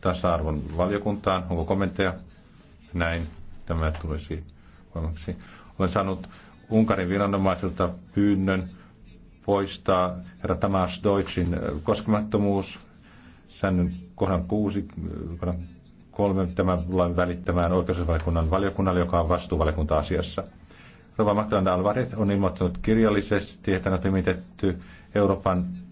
tasa-arvon valiokuntaan. Onko kommentteja? Näin. Tämä tulisi voimaksi. Olen saanut Unkarin viranomaisilta pyynnön poistaa herra Tamas Deutschin äh, koskemattomuus säännön kohdan 6, äh, kohdan 3 tämän lain välittämään oikeusvaliokunnan valiokunnalle, joka on vastuuvaliokunta asiassa. Rova Magdalena Alvarez on ilmoittanut kirjallisesti, että on nimitetty Euroopan